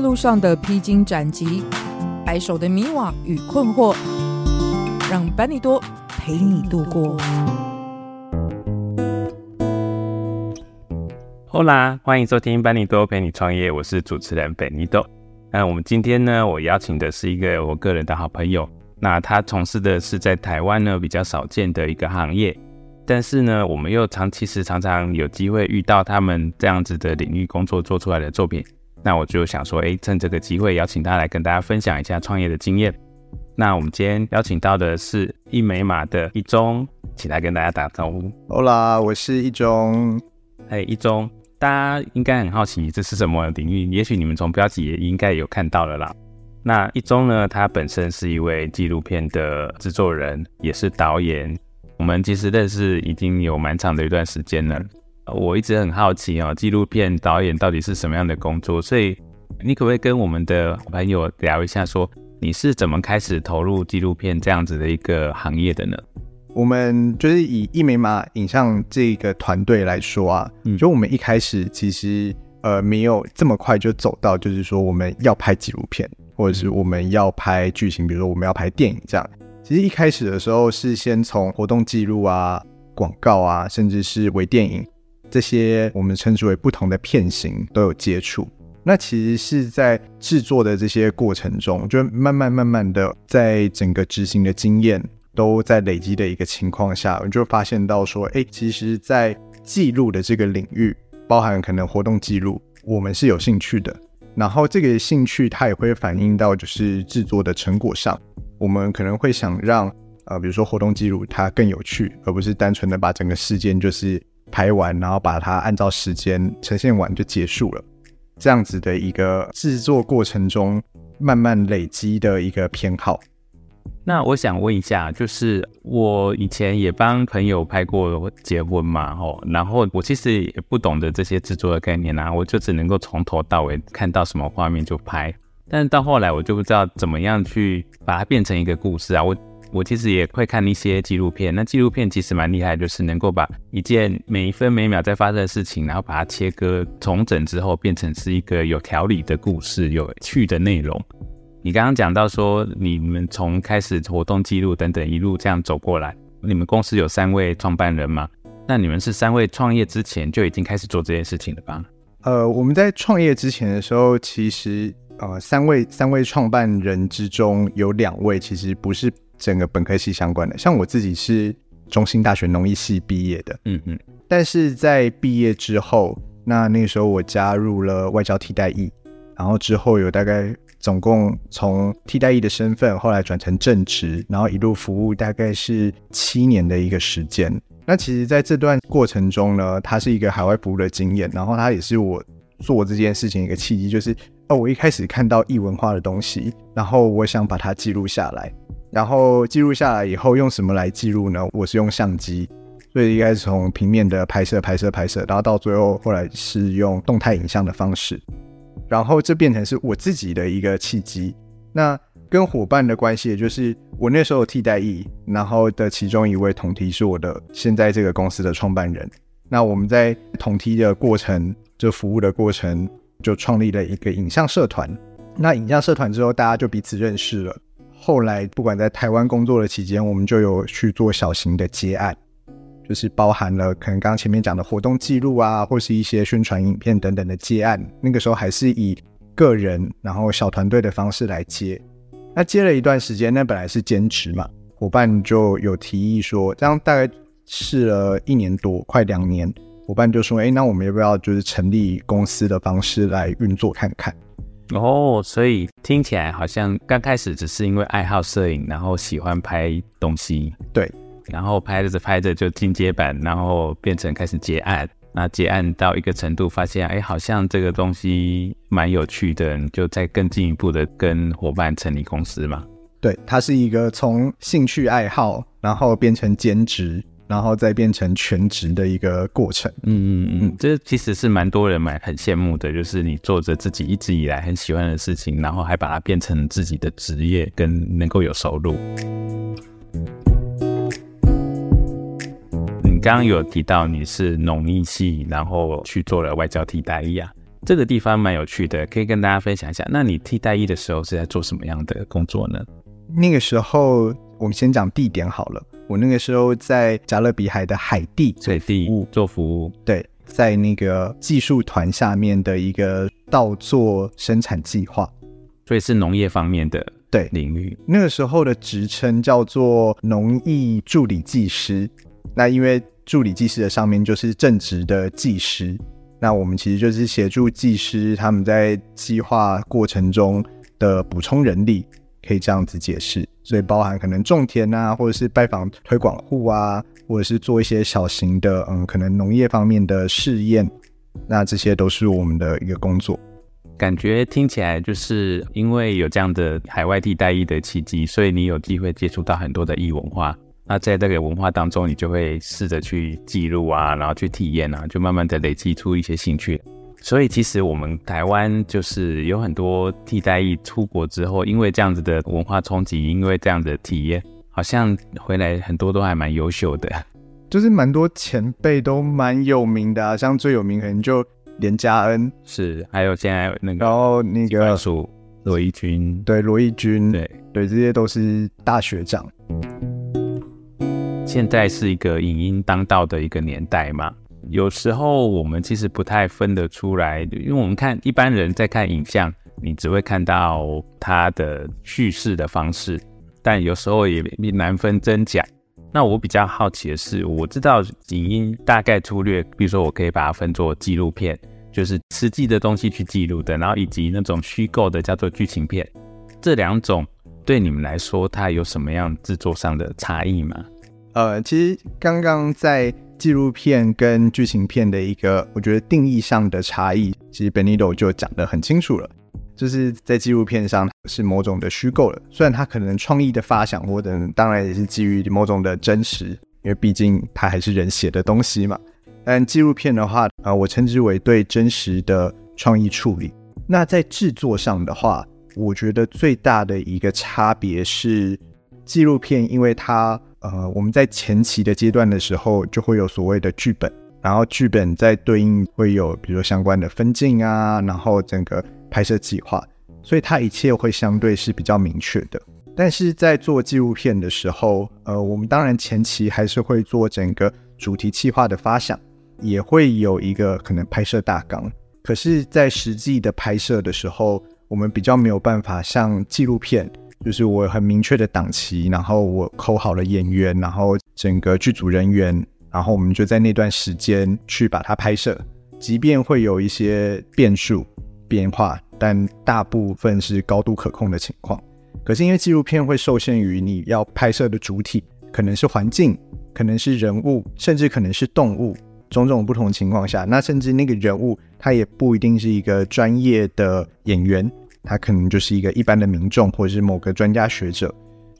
路上的披荊斬棘，白首的迷惘與困惑，讓班尼多陪你度過。Hola，歡迎收聽班尼多陪你創業，我是主持人班尼多。那我們今天呢，我邀請的是一個我個人的好朋友，那他從事的是在台灣呢比較少見的一個行業，但是呢，我們又常其實常常有機會遇到他們這樣子的領域工作做出來的作品。那我就想說，誒、欸，趁這個機會邀請他來跟大家分享一下創業的經驗。那我們今天邀請到的是一梅馬的一中，請他跟大家打個招呼。Hola，我是一中。哎、hey，一中，大家應該很好奇這是什麼領域，也許你們從標題也應該有看到了啦。那一中呢，他本身是一位紀錄片的製作人，也是導演。我們其實認識已經有蠻長的一段時間了。我一直很好奇哦，紀錄片導演到底是什麼樣的工作？所以你可不可以跟我們的朋友聊一下，說你是怎麼開始投入紀錄片這樣子的一個行業的呢？我們就是以一梅馬影像這個團隊來說啊，就我們一開始其實呃沒有這麼快就走到，就是說我們要拍紀錄片，或者是我們要拍劇情，比如說我們要拍電影這樣。其實一開始的時候是先從活動記錄啊、廣告啊，甚至是微電影。這些我們稱之為不同的片型都有接觸，那其實是在制作的這些過程中，就慢慢慢慢的，在整個執行的經驗都在累積的一個情況下，我就發現到說，哎、欸，其實，在紀錄的這個領域，包含可能活動紀錄，我們是有興趣的。然後這個興趣它也會反映到就是制作的成果上，我們可能會想讓，呃，比如說活動紀錄它更有趣，而不是單純的把整個事件就是。拍完，然後把它按照時間呈現完就結束了，這樣子的一個製作過程中慢慢累積的一個偏好。那我想問一下，就是我以前也幫朋友拍過結婚嘛，吼，然後我其實也不懂得這些製作的概念啊，我就只能夠從頭到尾看到什麼畫面就拍，但是到後來我就不知道怎麼樣去把它變成一個故事啊，我。我其實也會看一些紀錄片，那紀錄片其實蠻厲害，就是能夠把一件每一分每秒在發生的事情，然後把它切割、重整之後，變成是一個有條理的故事、有趣的內容。你剛剛講到說，你們從開始活動記錄等等一路這樣走過來，你們公司有三位創辦人嗎？那你們是三位創業之前就已經開始做這件事情了吧？呃，我們在創業之前的時候，其實呃，三位三位創辦人之中有兩位其實不是。整個本科系相關的。像我自己是中興大學農藝系畢業的，嗯嗯，但是在畢業之後，那那個時候我加入了外交替代役，然後之後有大概總共從替代役的身份，後來轉成正職，然後一路服務大概是七年的一個時間。那其實在這段過程中呢，它是一個海外服務的經驗，然後它也是我做這件事情一個契機，就是哦，我一開始看到異文化的東西，然後我想把它記錄下來。然後記錄下來以後，用什麼來記錄呢？我是用相機，所以應該是從平面的拍攝、拍攝、拍攝，然後到最後後來是用動態影像的方式。然後這變成是我自己的一個契機。那跟夥伴的關係，也就是我那時候有替代役，然後的其中一位同梯是我的現在這個公司的創辦人。那我們在同梯的過程，就服務的過程，就創立了一個影像社團。那影像社團之後，大家就彼此認識了。後來，不管在台灣工作的期間，我們就有去做小型的接案，就是包含了可能剛剛前面講的活動記錄啊，或是一些宣傳影片等等的接案。那個時候還是以個人，然後小團隊的方式來接。那接了一段時間，那本來是兼職嘛，夥伴就有提議說，這樣大概試了一年多，快兩年，夥伴就說，哎、欸，那我們要不要就是成立公司的方式來運作看看？哦、oh，所以聽起來好像剛開始只是因為愛好攝影，然後喜歡拍東西，對，然後拍着拍着就進階版，然後變成開始接案。那接案到一個程度，發現哎、欸，好像這個東西蠻有趣的，你就再更進一步的跟夥伴成立公司嘛。對，它是一個從興趣愛好，然後變成兼職。然後再變成全職的一個過程。嗯嗯嗯，這其實是蠻多人蠻很羨慕的，就是你做着自己一直以來很喜歡的事情，然後還把它變成自己的職業，跟，能夠有收入。你、嗯、剛剛有提到你是農業系，然後去做了外交替代役啊，這個地方蠻有趣的，可以跟大家分享一下。那你替代役的時候是在做什麼樣的工作呢？那個時候我們先講地點好了。我那個時候在加勒比海的海地，海地做服務，對，在那個技術團下面的一個稻作生產計劃，所以是農業方面的對領域對。那個時候的職稱叫做農業助理技師。那因為助理技師的上面就是正職的技師，那我們其實就是協助技師他們在計劃過程中的補充人力。可以這樣子解釋，所以包含可能種田啊，或者是拜訪推廣戶啊，或者是做一些小型的，嗯，可能農業方面的試驗，那這些都是我們的一個工作。感覺聽起來就是因為有這樣的海外替代役的契機，所以你有機會接觸到很多的異文化。那在這個文化當中，你就會試着去記錄啊，然後去體驗啊，就慢慢的累積出一些興趣。所以其實我們台灣就是有很多替代役出國之後，因為這樣子的文化衝擊，因為這樣的體驗，好像回來很多都還蠻優秀的，就是蠻多前輩都蠻有名的啊，像最有名可能就連加恩是，還有現在那個，然後那個家屬羅一鈞，對羅一鈞，對對，這些都是大學長。現在是一個影音當道的一個年代嘛。有時候我們其實不太分得出來，因為我們看一般人在看影像，你只會看到它的敘事的方式，但有時候也難分真假。那我比較好奇的是，我知道影音大概粗略，比如說我可以把它分作紀錄片，就是實際的東西去記錄的，然後以及那種虛構的叫做劇情片。這兩種對你們來說它有什麼樣製作上的差異嗎？呃，其實剛剛在。紀錄片跟劇情片的一個，我覺得定義上的差異，其實 Benito 就講得很清楚了，就是在紀錄片上是某種的虛構了，雖然他可能創意的發想或者當然也是基於某種的真實，因為畢竟他還是人寫的東西嘛。但紀錄片的話，啊、呃，我稱之為對真實的創意處理。那在制作上的話，我覺得最大的一個差別是，紀錄片因為它。呃，我們在前期的階段的時候，就會有所謂的劇本，然後劇本在對應會有，比如說相關的分鏡啊，然後整個拍攝計劃，所以它一切會相對是比較明確的。但是在做紀錄片的時候，呃，我們當然前期還是會做整個主題計劃的發想，也會有一個可能拍攝大綱。可是，在實際的拍攝的時候，我們比較沒有辦法像紀錄片。就是我很明確的檔期，然後我摳好了演員，然後整個劇組人員，然後我們就在那段時間去把它拍攝。即便會有一些變數變化，但大部分是高度可控的情況。可是因為紀錄片會受限於你要拍攝的主體，可能是環境，可能是人物，甚至可能是動物，種種不同情況下，那甚至那個人物他也不一定是一個專業的演員。他可能就是一個一般的民眾，或者是某個專家學者。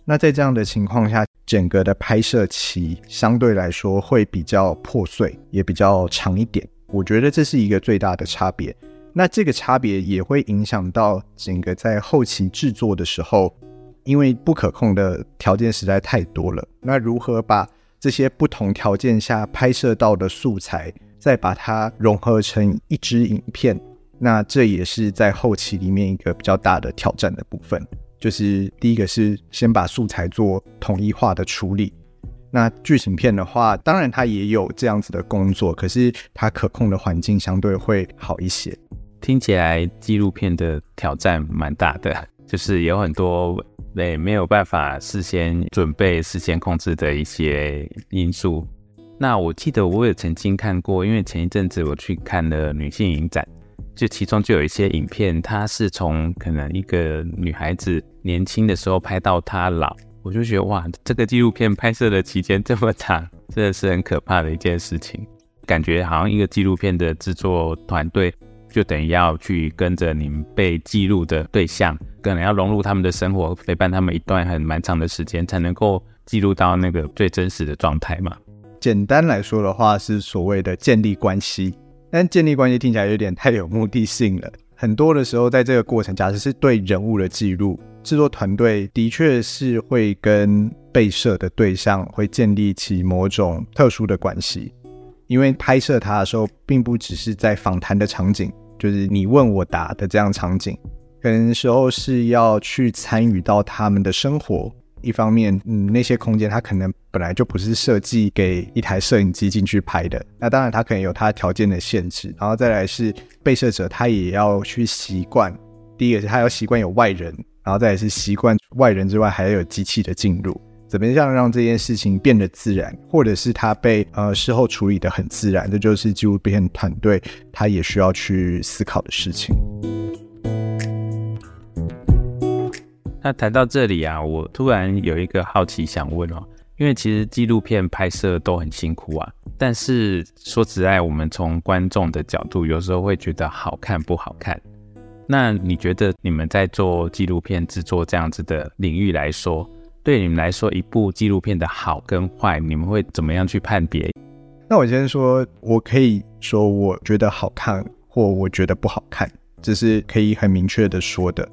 那在這樣的情況下，整個的拍攝期相對來說會比較破碎，也比較長一點。我覺得這是一個最大的差別。那這個差別也會影響到整個在後期制作的時候，因為不可控的條件實在太多了。那如何把這些不同條件下拍攝到的素材，再把它融合成一支影片？那這也是在後期裡面一個比較大的挑戰的部分，就是第一個是先把素材做統一化的處理。那劇情片的話，當然它也有這樣子的工作，可是它可控的環境相對會好一些。聽起來紀錄片的挑戰蠻大的，就是有很多沒沒有辦法事先準備、事先控制的一些因素。那我記得我也曾經看過，因為前一陣子我去看了女性影展。就其中就有一些影片，它是從可能一個女孩子年輕的時候拍到她老，我就覺得哇，這個紀錄片拍攝的期間這麼長，真的是很可怕的一件事情。感覺好像一個紀錄片的制作團隊，就等於要去跟着你們被記錄的對象，可能要融入他們的生活，陪伴他們一段很漫長的時間，才能夠記錄到那個最真實的狀態嘛。簡單來說的話，是所謂的建立關係。但建立關係聽起來有點太有目的性了。很多的時候，在這個過程，假設是對人物的記錄，製作團隊的確是會跟被攝的對象會建立起某種特殊的關係，因為拍攝他的時候，並不只是在訪談的場景，就是你問我答的這樣場景，可能時候是要去參與到他們的生活。一方面，嗯，那些空間它可能本來就不是設計給一台攝影機進去拍的，那當然它可能有它條件的限制。然後再來是被攝者，他也要去習慣，第一個是他要習慣有外人，然後再來是習慣外人之外還要有機器的進入，怎麼樣讓這件事情變得自然，或者是他被呃事後處理得很自然，這就，就是紀錄片團隊他也需要去思考的事情。那談到這裡啊，我突然有一個好奇想問哦、喔，因為其實紀錄片拍攝都很辛苦啊。但是說實在，我們從觀眾的角度，有時候會覺得好看不好看。那你覺得你們在做紀錄片制作這樣子的領域來說，對你們來說，一部紀錄片的好跟壞，你們會怎麼樣去判別？那我先說，我可以說我覺得好看，或我覺得不好看，這是可以很明確的說的。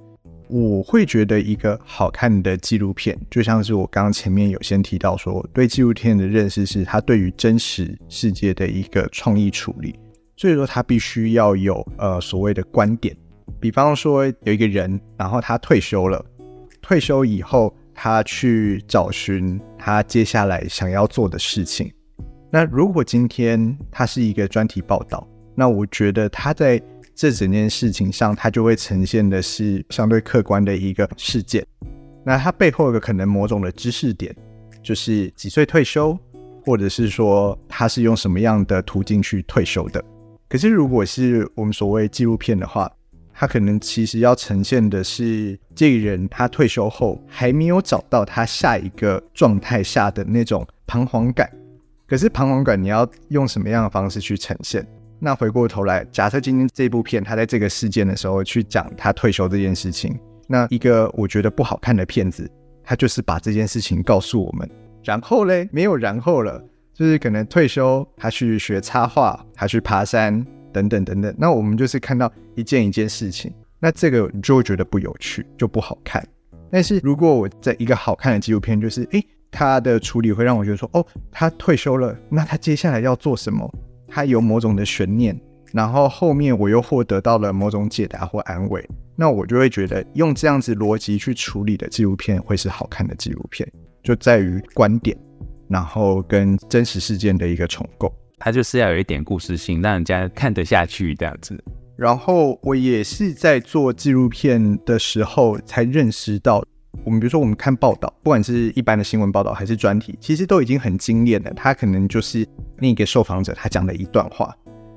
我會覺得一個好看的紀錄片，就像是我剛剛前面有先提到說，對紀錄片的認識是它對於真實世界的一個創意處理，所以說它必須要有呃所謂的觀點。比方說有一個人，然後他退休了，退休以後他去找尋他接下來想要做的事情。那如果今天他是一個專題報道，那我覺得他在。這整件事情上，它就會呈現的是相對客觀的一個事件。那它背後有一個可能某種的知識點，就是幾歲退休，或者是說他是用什麼樣的途徑去退休的。可是如果是我們所謂紀錄片的話，它可能其實要呈現的是這個人他退休後還沒有找到他下一個狀態下的那種彷徨感。可是彷徨感，你要用什麼樣的方式去呈現？那回過頭來，假設今天這部片，他在這個事件的時候去講他退休這件事情，那一個我覺得不好看的片子，他就是把這件事情告訴我們，然後嘞，沒有然後了，就是可能退休，他去學插畫，他去爬山，等等等等。那我們就是看到一件一件事情，那這個就會覺得不有趣，就不好看。但是如果我在一個好看的紀錄片，就是誒、欸，他的處理會讓我覺得說，哦，他退休了，那他接下來要做什麼？它有某種的懸念，然後後面我又獲得到了某種解答或安慰，那我就會覺得用這樣子邏輯去處理的紀錄片會是好看的紀錄片，就在於觀點，然後跟真實事件的一個重構，它就是要有一點故事性，讓人家看得下去這樣子。然後我也是在做紀錄片的時候才認識到。我們比如說，我們看報道，不管是一般的新聞報道還是專題，其實都已經很精煉了。他可能就是那個受訪者他講的一段話。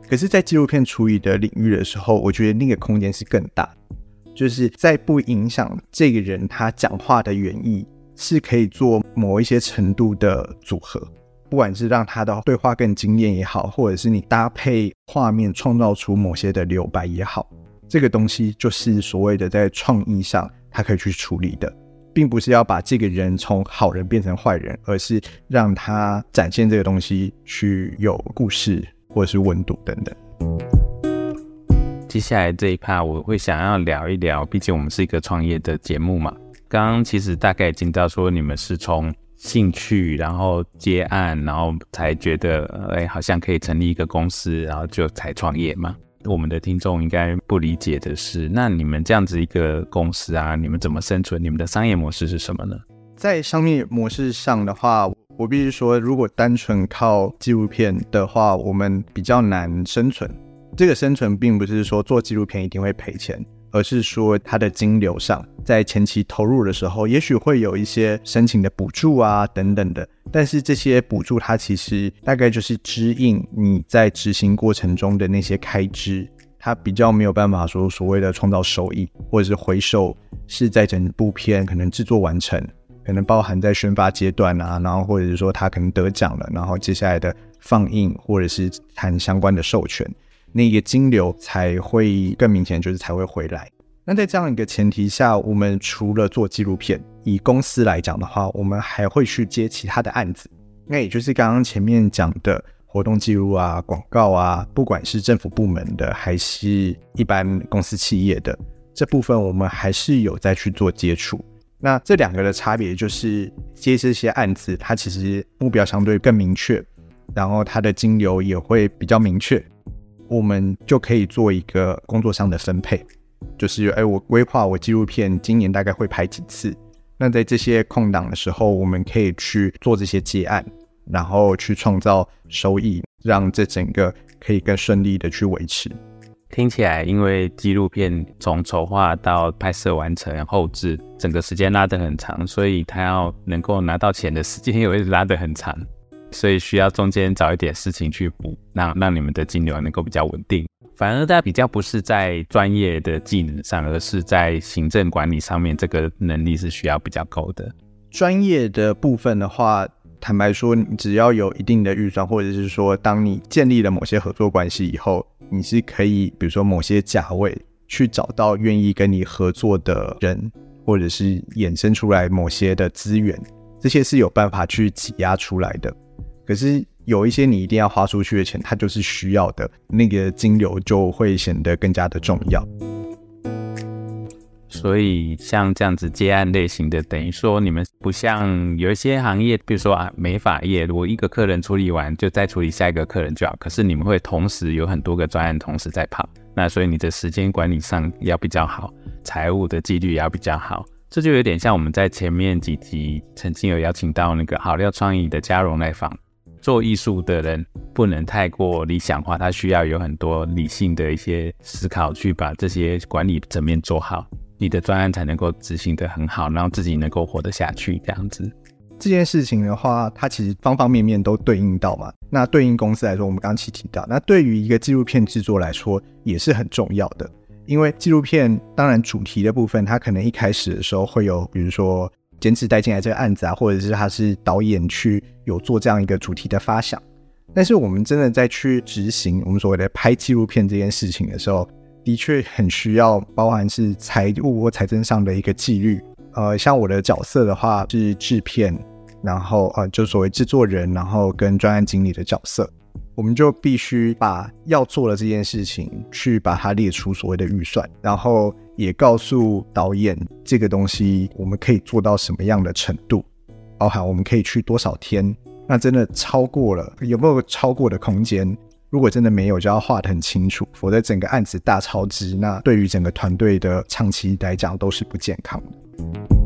可是，在紀錄片處理的領域的時候，我覺得那個空間是更大的，就是在不影響這個人他講話的原意，是可以做某一些程度的組合，不管是讓他的對話更精煉也好，或者是你搭配畫面創造出某些的留白也好，這個東西就是所謂的在創意上，他可以去處理的。並不是要把這個人從好人變成壞人，而是讓他展現這個東西，去有故事或者是溫度等等。接下來這一趴我會想要聊一聊，畢竟我們是一個創業的節目嘛。剛剛其實大概已經知道說你們是從興趣，然後接案，然後才覺得誒、欸，好像可以成立一個公司，然後就才創業嘛。我們的聽眾應該不理解的是，那你們這樣子一個公司啊，你們怎麼生存？你們的商業模式是什麼呢？在商業模式上的話，我必須說，如果單純靠紀錄片的話，我們比較難生存。這個生存並不是說做紀錄片一定會賠錢。而是說它的金流上，在前期投入的時候，也許會有一些申請的補助啊等等的，但是這些補助它其實大概就是支應你在執行過程中的那些開支，它比較沒有辦法說所謂的創造收益或者是回收，是在整部片可能制作完成，可能包含在宣發階段啊，然後或者是說他可能得獎了，然後接下來的放映或者是談相關的授權。那個金流才會更明顯，就是才會回來。那在這樣一個前提下，我們除了做紀錄片，以公司來講的話，我們還會去接其他的案子。那也就是剛剛前面講的活動記錄啊、廣告啊，不管是政府部門的，還是一般公司企業的這部分，我們還是有在去做接觸。那這兩個的差別就是接這些案子，它其實目標相對更明確，然後它的金流也會比較明確。我們就可以做一個工作上的分配，就是哎、欸，我規劃我紀錄片今年大概會拍幾次，那在這些空檔的時候，我們可以去做這些接案，然後去創造收益，讓這整個可以更順利的去維持。聽起來，因為紀錄片從籌劃到拍攝完成、後置，整個時間拉得很長，所以他要能夠拿到錢的時間也會拉得很長。所以需要中間找一點事情去補，讓讓你們的金流能夠比較穩定。反而大家比較不是在專業的技能上，而是在行政管理上面，這個能力是需要比較高的。專業的部分的話，坦白說，只要有一定的預算，或者是說，當你建立了某些合作關係以後，你是可以，比如說某些價位去找到願意跟你合作的人，或者是衍生出來某些的資源，這些是有辦法去擠壓出來的。可是有一些你一定要花出去的錢，它就是需要的那個金流就會顯得更加的重要。所以像這樣子接案類型的，等於說你們不像有一些行業，比如說啊美髮業，如果一個客人處理完就再處理下一個客人就好。可是你們會同時有很多個專案同時在跑，那所以你的時間管理上要比較好，財務的紀律也要比較好。這就有點像我們在前面幾集曾經有邀請到那個好料創意的嘉榮來訪。做藝術的人不能太過理想化，他需要有很多理性的一些思考，去把這些管理層面做好，你的專案才能夠執行得很好，然後自己能夠活得下去這樣子。這件事情的話，它其實方方面面都對應到嘛。那對應公司來說，我們剛剛提到，那對於一個紀錄片製作來說也是很重要的，因為紀錄片當然主題的部分，它可能一開始的時候會有，比如說。監製帶進來這個案子啊，或者是他是導演去有做這樣一個主題的發想，但是我們真的在去執行我們所謂的拍紀錄片這件事情的時候，的確很需要包含是財務或財政上的一個紀律。呃，像我的角色的話是製片，然後呃就所謂製作人，然後跟專案經理的角色。我們就必須把要做的這件事情去把它列出所謂的預算，然後也告訴導演這個東西我們可以做到什麼樣的程度，包含我們可以去多少天。那真的超過了有沒有超過的空間？如果真的沒有，就要畫得很清楚，否則整個案子大超支，那對於整個團隊的長期來講都是不健康的。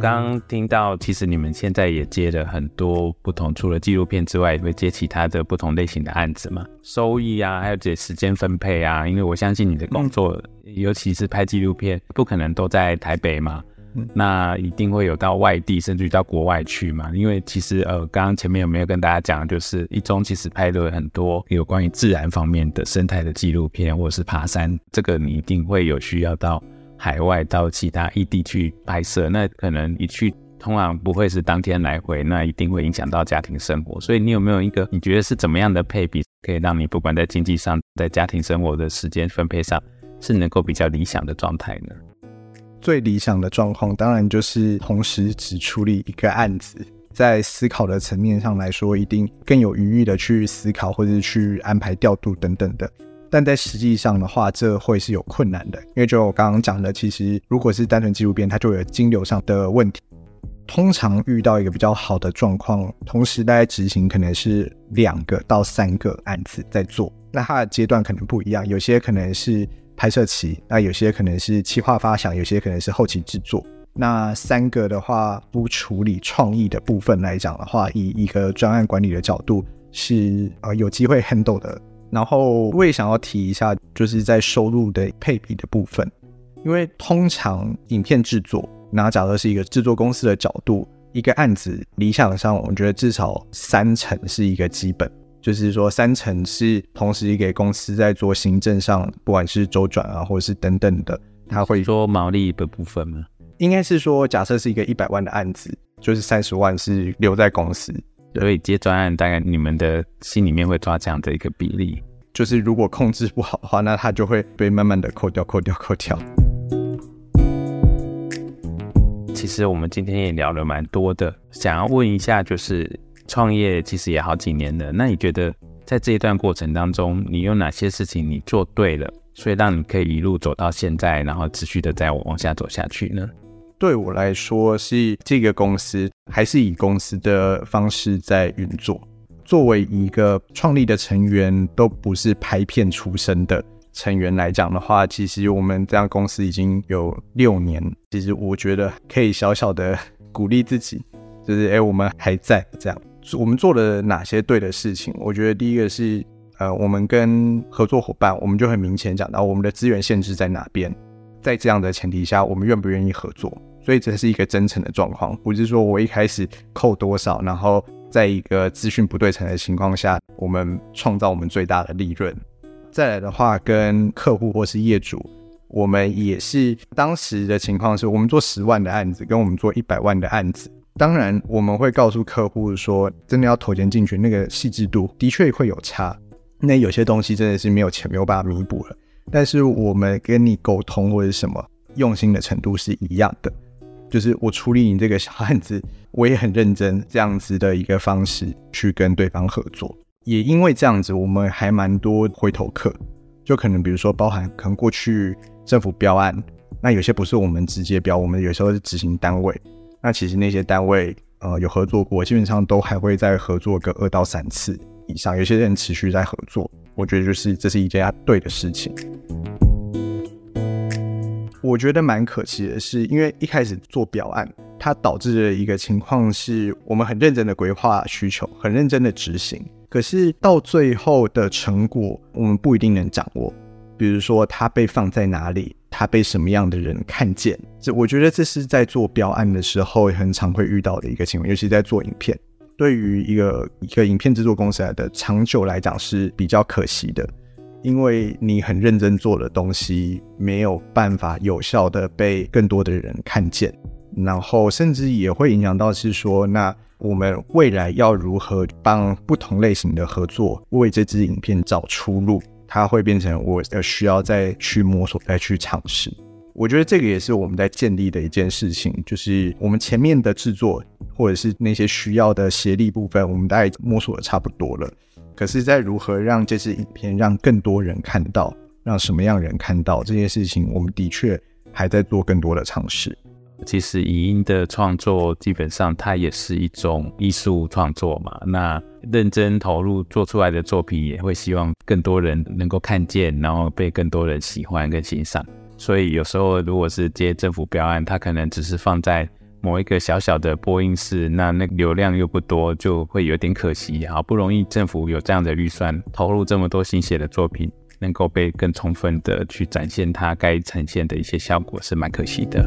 剛聽到，其實你們現在也接了很多不同，除了紀錄片之外，也會接其他的不同類型的案子嘛，收益啊，還有這些時間分配啊，因為我相信你的工作，尤其是拍紀錄片，不可能都在台北嘛，那一定會有到外地，甚至於到國外去嘛？因為其實呃，剛剛前面有沒有跟大家講，就是一中其實拍了很多有關於自然方面的生態的紀錄片，或者是爬山，這個你一定會有需要到。海外到其他異地去拍攝，那可能一去通常不會是當天來回，那一定會影響到家庭生活。所以你有沒有一個你覺得是怎麼樣的配比，可以讓你不管在經濟上，在家庭生活的時間分配上，是能夠比較理想的狀態呢？最理想的狀況當然就是同時只處理一個案子，在思考的層面上來說，一定更有餘裕的去思考或者去安排調度等等的。但在實際上的話，這會是有困難的，因為就我剛剛講的，其實如果是單純紀錄片，它就有金流上的問題。通常遇到一個比較好的狀況，同時大家執行可能是兩個到三個案子在做，那它的階段可能不一樣，有些可能是拍攝期，那有些可能是企劃發想，有些可能是後期制作。那三個的話，不處理創意的部分來講的話，以一個專案管理的角度，是呃有機會 handle 的。然後我也想要提一下，就是在收入的配比的部分，因為通常影片製作，那假設是一個製作公司的角度，一個案子理想上，我覺得至少三成是一個基本，就是說三成是同時給公司在做行政上，不管是周轉啊，或者是等等的，他會說毛利的部分嗎？應該是說，假設是一個一百萬的案子，就是三十萬是留在公司。所以接專案，大概你們的心裡面會抓這樣的一個比例，就是如果控制不好的話，那它就會被慢慢的扣掉、扣掉、扣掉。其實我們今天也聊了蠻多的，想要問一下，就是創業其實也好幾年了，那你覺得在這一段過程當中，你有哪些事情你做對了，所以讓你可以一路走到現在，然後持續的在往下走下去呢？對我來說，是這個公司還是以公司的方式在運作。作為一個創立的成員，都不是拍片出身的成員來講的話，其實我們這樣公司已經有六年。其實我覺得可以小小的鼓勵自己，就是誒，我們還在這樣。我們做了哪些對的事情？我覺得第一個是，呃，我們跟合作夥伴，我們就很明顯講到我們的資源限制在哪邊，在這樣的前提下，我們願不願意合作？所以這是一個真誠的狀況，不是說我一開始扣多少，然後在一個資訊不對稱的情況下，我們創造我們最大的利潤。再來的話，跟客戶或是業主，我們也是當時的情況是，我們做十萬的案子跟我們做一百萬的案子，當然我們會告訴客戶說，真的要投錢進去，那個細緻度的確會有差。那有些東西真的是沒有錢沒有辦法彌補了，但是我們跟你溝通或者是什麼用心的程度是一樣的。就是我處理你這個小案子，我也很認真，這樣子的一個方式去跟對方合作。也因為這樣子，我們還蠻多回頭客。就可能比如說包含可能過去政府標案，那有些不是我們直接標，我們有時候是執行單位。那其實那些單位呃有合作過，基本上都還會再合作個二到三次以上，有些人持續在合作。我覺得就是這是一件對的事情。我覺得蠻可惜的是，因為一開始做標案，它導致的一個情況是，我們很認真的規劃需求，很認真的執行，可是到最後的成果，我們不一定能掌握。比如說，它被放在哪裡，它被什麼樣的人看見，這我覺得這是在做標案的時候很常會遇到的一個情況，尤其在做影片，對於一個一個影片制作公司來的長久來講是比較可惜的。因為你很認真做的東西，沒有辦法有效的被更多的人看見，然後甚至也會影響到是說，那我們未來要如何幫不同類型的合作為這支影片找出路？它會變成我的需要再去摸索、再去嘗試。我覺得這個也是我們在建立的一件事情，就是我們前面的制作或者是那些需要的協力部分，我們大概摸索的差不多了。可是，在如何讓這支影片讓更多人看到，讓什麼樣人看到這件事情，我們的確還在做更多的嘗試。其實，影音的創作基本上它也是一種藝術創作嘛。那認真投入做出來的作品，也會希望更多人能夠看見，然後被更多人喜歡跟欣賞。所以，有時候如果是接政府標案，它可能只是放在。某一個小小的播音室，那那流量又不多，就會有點可惜。好不容易政府有這樣的預算，投入這麼多心血的作品，能夠被更充分的去展現它該呈現的一些效果，是蠻可惜的。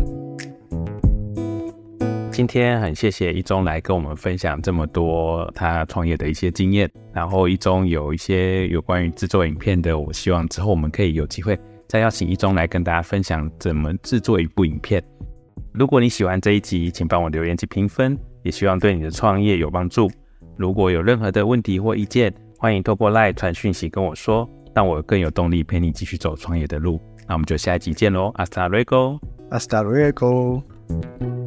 今天很謝謝一中來跟我們分享這麼多他創業的一些經驗。然後一中有一些有關於製作影片的，我希望之後我們可以有機會再邀請一中來跟大家分享怎麼製作一部影片。如果你喜歡這一集，請幫我留言及評分，也希望對你的創業有幫助。如果有任何的問題或意見，歡迎透過 LINE 傳訊息跟我說，讓我更有動力陪你繼續走創業的路。那我們就下一集見嘍！Hasta luego！Hasta luego。